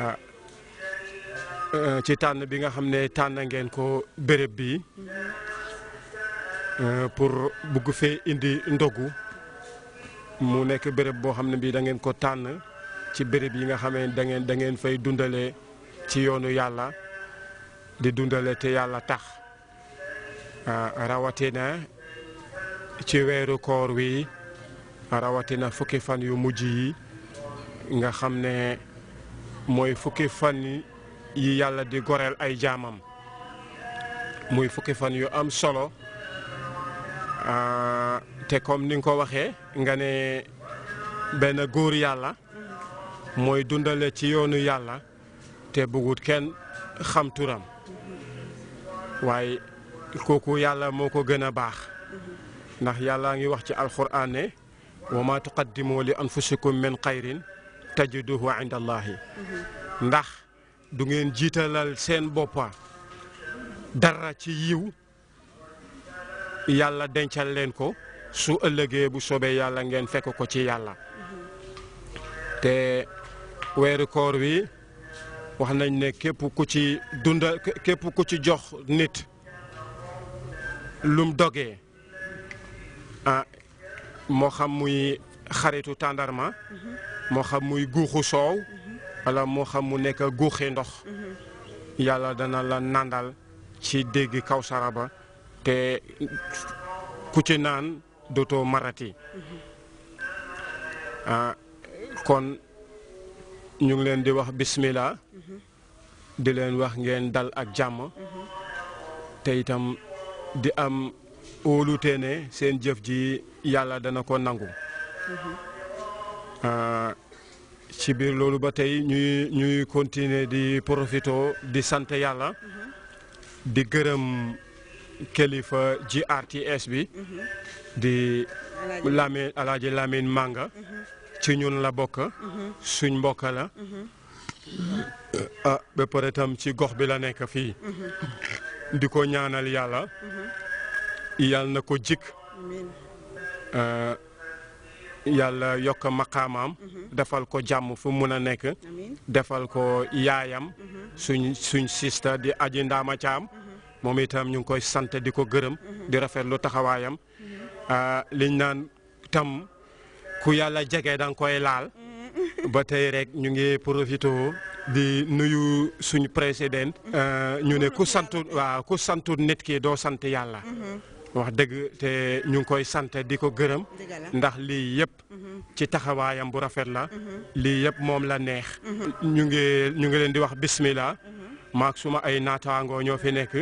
Ah. Euh, ci tànn bi nga xam ne tànn ngeen ko béréb bi mm-hmm. euh, pour bugg fee indi ndogu mu nekk béréb boo xam ne bii dangeen ko tànn ci béréb yi nga xamee da ngeen da fay dundale ci yoonu yàlla di dundale te yàlla tax ah, rawatina ci weeru koor wi rawatina fukki fan yu mujj yi nga xam ne mooy fukki fan yi yàlla di goreel ay jaamam muy fukki fan yu am solo ah, te kom ni nga ko waxee nga ne benn góor yàlla mooy dundale ci yoonu yàlla te bëggut kenn xam turam waaye kooku yàlla moo ko gën a baax ndax yàlla ngi wax ci alxuraan ne wa ma tuqaddimu li anfusikum min xayrin tajiduhu inda allahi mm-hmm. ndax du ngeen jiitalal seen boppa dara ci yiw yàlla dencal leen ko su ëllëgee bu soobee yàlla ngeen fekk ko ci yàlla mm-hmm. te weerukoor koor wi wax nañ ne képp ku ci dundal ci jox nit lum dogee ah, moo xam muy xaritu tàndarma moo xam muy guuxu soow wala moo xam mu nekk guuxi ndox yàlla dana la nandal ci dégg kawsara ba te ku ci naan dootoo marati ah, kon ñu ngi leen di wax bismillah di leen wax ngeen dal ak jàmm te itam di am óolute ne seen jëf ji yàlla dana ko nangu Euh, ci biir loolu ba tey ñuy ñuy continuer di profito di sant yàlla di gërëm kilifa GRTS bi di Lamine Alaaji Lamine Manga ci ñun la bokk suñ mbokk la ah ba pare tam ci gox bi la nekk fii di ko ñaanal yàlla yàlla na ko jikk yàlla yokk maqaamaam mhm. defal ko jàmm fu mun a nekk defal ko yaayam mhm. suñ suñ sista di aji ndaama caam mhm. moom itam ñu ngi koy sant di ko gërëm di rafet lu taxawaayam ah, liñ naan tam ku yàlla jege danga koy laal ba tey rek ñu ngi profité di nuyu suñu président ah, ñu ne ku santu waaw ku santu nit ki doo sant yàlla wax dëgg te ñu ngi koy sant di ko gërëm ndax lii yëpp ci taxawaayam bu rafet la mm-hmm. lii yëpp moom la neex mm-hmm. ñu ngi ñu ngi leen di wax bismillah mm-hmm. maak suma ay naataangoo ñoo fi nekk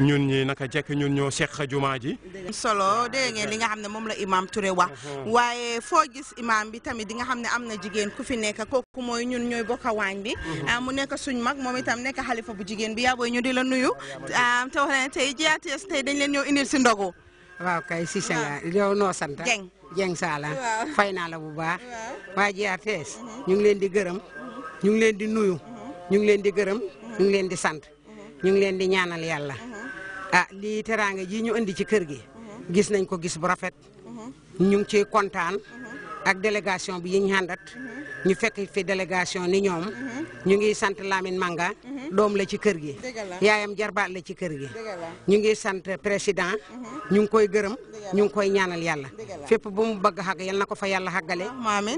ñun ñi naka jekk ñun ñoo seq jumaa ji solo dégg ngeen li nga xam ne moom la imaam Touré wax uh-huh. waaye foo gis imaam bi tamit di nga xam ne am na jigéen ku fi nekk ku mooy ñun ñooy bokk waañ bi uh-huh. ah, mu nekk suñ mag moom itam nekk xalifa bu jigéen bi yaa booy ñu di la nuyu ah, te wax leen tey GRTS tey dañ leen ñëw indil si ndogu waaw kay si sanga yow noo sant Jeng Saala fay naa la bu baax waa GRTS uh-huh. ñu ngi leen di gërëm ñu ngi leen di nuyu ñu ngi leen di gërëm ñu ngi leen di sant ñu ngi leen di ñaanal yàlla ah lii teraanga ji ñu indi ci kër gi gis nañ ko gis bu rafet ñu ngi ciy kontaan ak délégation bi yi ñu àndat ñu fekk fi délégation ni ñoom ñu ngi sant Lamine Manga doom la ci kër gi yaayam jarbaal la ci kër gi ñu ngi sant président ñu ngi koy gërëm ñu ngi koy ñaanal yàlla fépp bu mu bëgg xàgg yal na ko fa yàlla xàggale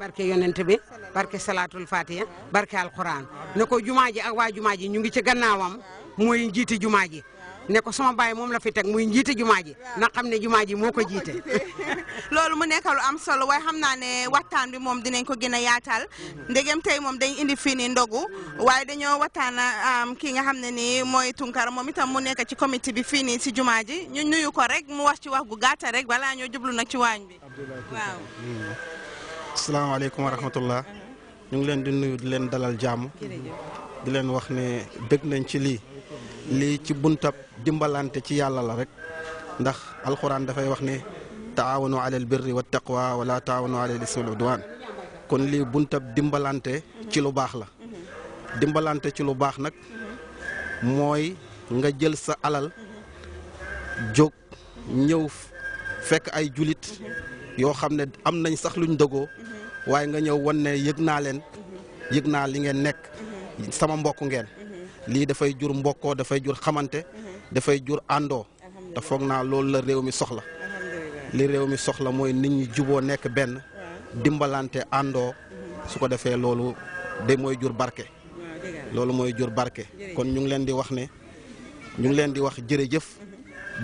barke yonent bi barke salaatul fatiha barke alquran ne ko jumaa ji ak waa jumaa ji ñu ngi ci gannaawam mooy njiiti jumaa ji ne ko sama baay moom la fi teg muy njiiti jumaa ji na xam ne jumaa ji moo ko jiite loolu mu nekkalu am solo waaye xam naa ne waxtaan bi moom dinañ ko gën a yaatal ndegem tey moom dañ indi fii nii ndogu waaye dañoo waxtaan ki nga xam ne ni mooy Tunkara moom itam mu nekk ci comité bi fii nii si jumaa ji ñu nuyu ko rek mu wax ci wax gu gàtta rek balaa ñoo jublu nag ci waañ bi waaw mm-hmm. asalaamaaleykum wa mm-hmm. ñu ngi leen di nuyu di leen dalal jàmm di leen wax ne dëgg nañ ci lii lii ci buntab dimbalante ci yàlla la rek ndax alxuraan dafay wax ne taawanu alal birri wa taqwa wala taawanu alal ismi wal udwan kon lii buntab dimbalante ci lu baax la dimbalante ci lu baax nag mooy nga jël sa alal jóg ñëw fekk ay julit yoo xam ne am nañ sax luñ dëggoo waaye nga ñëw wan ne yëg naa leen yëg naa li ngeen nekk sama mbokk ngeen lii dafay jur mbokkoo dafay jur xamante dafay jur àndoo te foog naa loolu la réew mi soxla li réew mi soxla mooy nit ñi juboo nekk benn dimbalante àndoo su ko defee loolu de mooy jur barke loolu mooy jur barke kon ñu ngi leen di wax ne ñu ngi leen di wax jërëjëf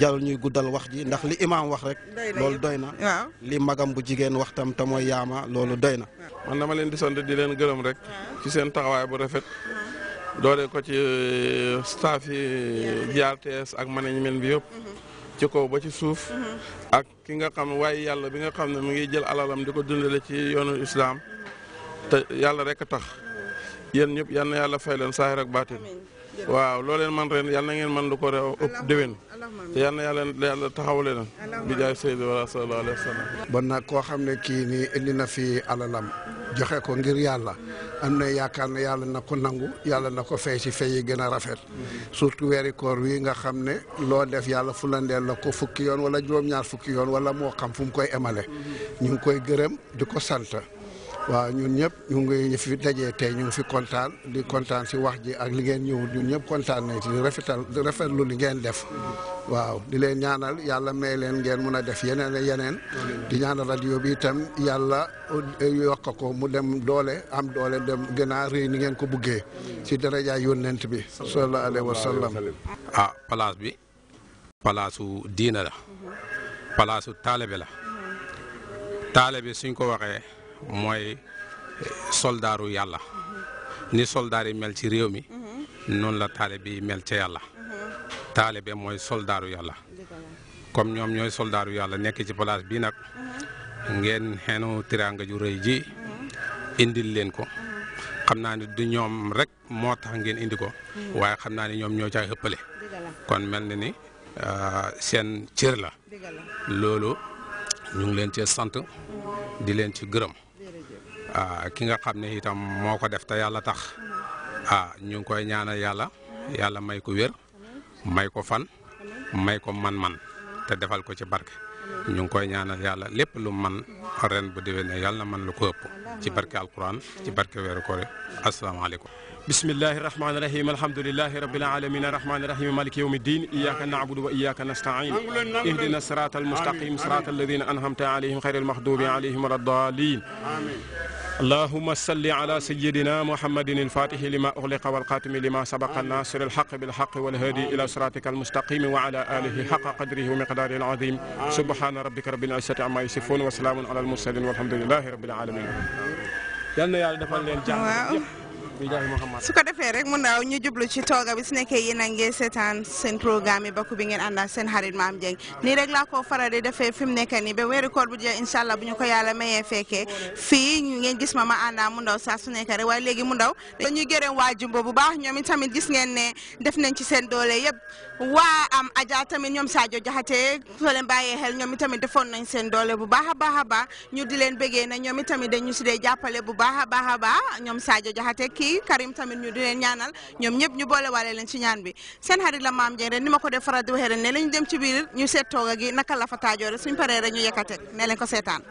jarul ñuy guddal wax ji ndax li imaam wax rek loolu doy na li magam bu jigéen waxtam tam te mooy yaama loolu doy na man dama leen di sant di leen gërëm rek ci seen taxawaay bu rafet doore ko ci euh, staff yi GRTS ak management bi yëpp mm-hmm. ci kaw ba ci suuf mm-hmm. ak ki nga xam waaye yàlla bi nga xam ne mu ngi jël alalam di ko dundale ci yoonu islaam mm-hmm. te yàlla rek a tax mm-hmm. yéen ñëpp yal na yàlla fay leen saahir ak baatin waaw loo leen man ren yal na ngeen man lu ko rew ëpp déwén te yàlla yàlla taxawale leen bi jaay Seydou wala sallallahu alayhi wa sallam. bon nag koo xam ne kii nii indi na fi alalam. joxe ko ngir yàlla am na yaakaar ne yàlla na ko nangu yàlla na ko fay si fay yi gën a rafet surtout weeri koor wi nga xam ne loo def yàlla fu la ndeel la ko fukki yoon wala juróom-ñaar fukki yoon wala moo xam fu mu koy emale ñu ngi koy gërëm di ko sant waaw ñun ñëpp ñu ngi fi dajee te ñu ngi fi kontaan di kontaan si wax ji ak li ngeen ñëw ñun ñëpp kontaan nañ ci di rafetal di rafetlu li ngeen def waaw di leen ñaanal yàlla may leen ngeen mun a def yeneen yeneen di ñaanal rajo bi itam yàlla eh, yokk ko mu dem doole am doole dem gën a réy ni ngeen ko buggee si daraja yónnent bi sallallahu alayhi wa sallam ah place bi palaasu diina la palaasu taalibe la taalibe suñ ko waxee mooy soldaaru yàlla ni soldaar yi mel ci réew mi noonu la taalibe yi mel ci yàlla taalibe mooy soldaaru yàlla comme ñoom ñooy soldaaru yàlla nekk ci place bi nag ngeen xeenu tiraanga ju rëy ji indil leen ko xam naa ni du ñoom rek moo tax ngeen indi ko waaye xam naa ni ñoom ñoo caa ëppale kon mel na ni ah, seen cër la loolu ñu ngi leen cee sant di leen ci gërëm ki nga xam ne itam moo ko def te yàlla tax ah ñu ngi koy ñaanal yàlla yàlla may ko wér may ko fan may ko man-man te defal ko ci barke ñu ngi koy ñaanal yàlla lépp lu man ren bu déwénee yàlla na man lu ko ëpp ci barke alquran ci barke weeru koor asalaamaaleykum bismillahi rahmaani rahim alhamdulilahi rabbil alamin arrahmani rahim maliki yawmi ddin iyyaka na'budu wa iyyaka nasta'in ihdina sirata almustaqim sirata alladhina an'amta alayhim ghayril maghdubi alayhim waladdallin اللهم صل على سيدنا محمد الفاتح لما أغلق والقاتم لما سبق الناصر الحق بالحق والهادي إلى صراطك المستقيم وعلى آله حق قدره ومقداره العظيم سبحان ربك رب العزة عما يصفون وسلام على المرسلين والحمد لله رب العالمين يلا يا yàlla defal su ko defee rek mu ndaw ñu jublu ci tooga bi su nekkee yéen a ngi seetaan seen programme yi bakku bi ngeen àndal seen xarit maam Jeng nii rek laa ko faral di defee fi mu nekk nii ba weeru koor bu jeex incha allah bu ñu ko yàlla gis ma ma àndaa mu ndaw saa su nekk rek waaye léegi mu ndaw dañuy gërëm waa jumbo bu baax ñoom itamit gis ngeen ne def nañ ci seen doole yëpp waa am aja tamit ñoom Sadio Jaxate soo leen bàyyee xel ñoom itamit defoon nañ seen doole bu baax a baax a baax ñu di leen bëggee na ñoom itamit dañu si dee jàppale bu baax a baax a baax bi Karim tamit ñu di leen ñaanal ñoom ñëpp ñu boole waale leen ci ñaan bi seen xarit la Maam Jeng rek ni ma ko def faral ñu dem ci biir ñu seet tooga gi naka la taajoore suñ paree rek ñu yekkateeg ne ko seetaan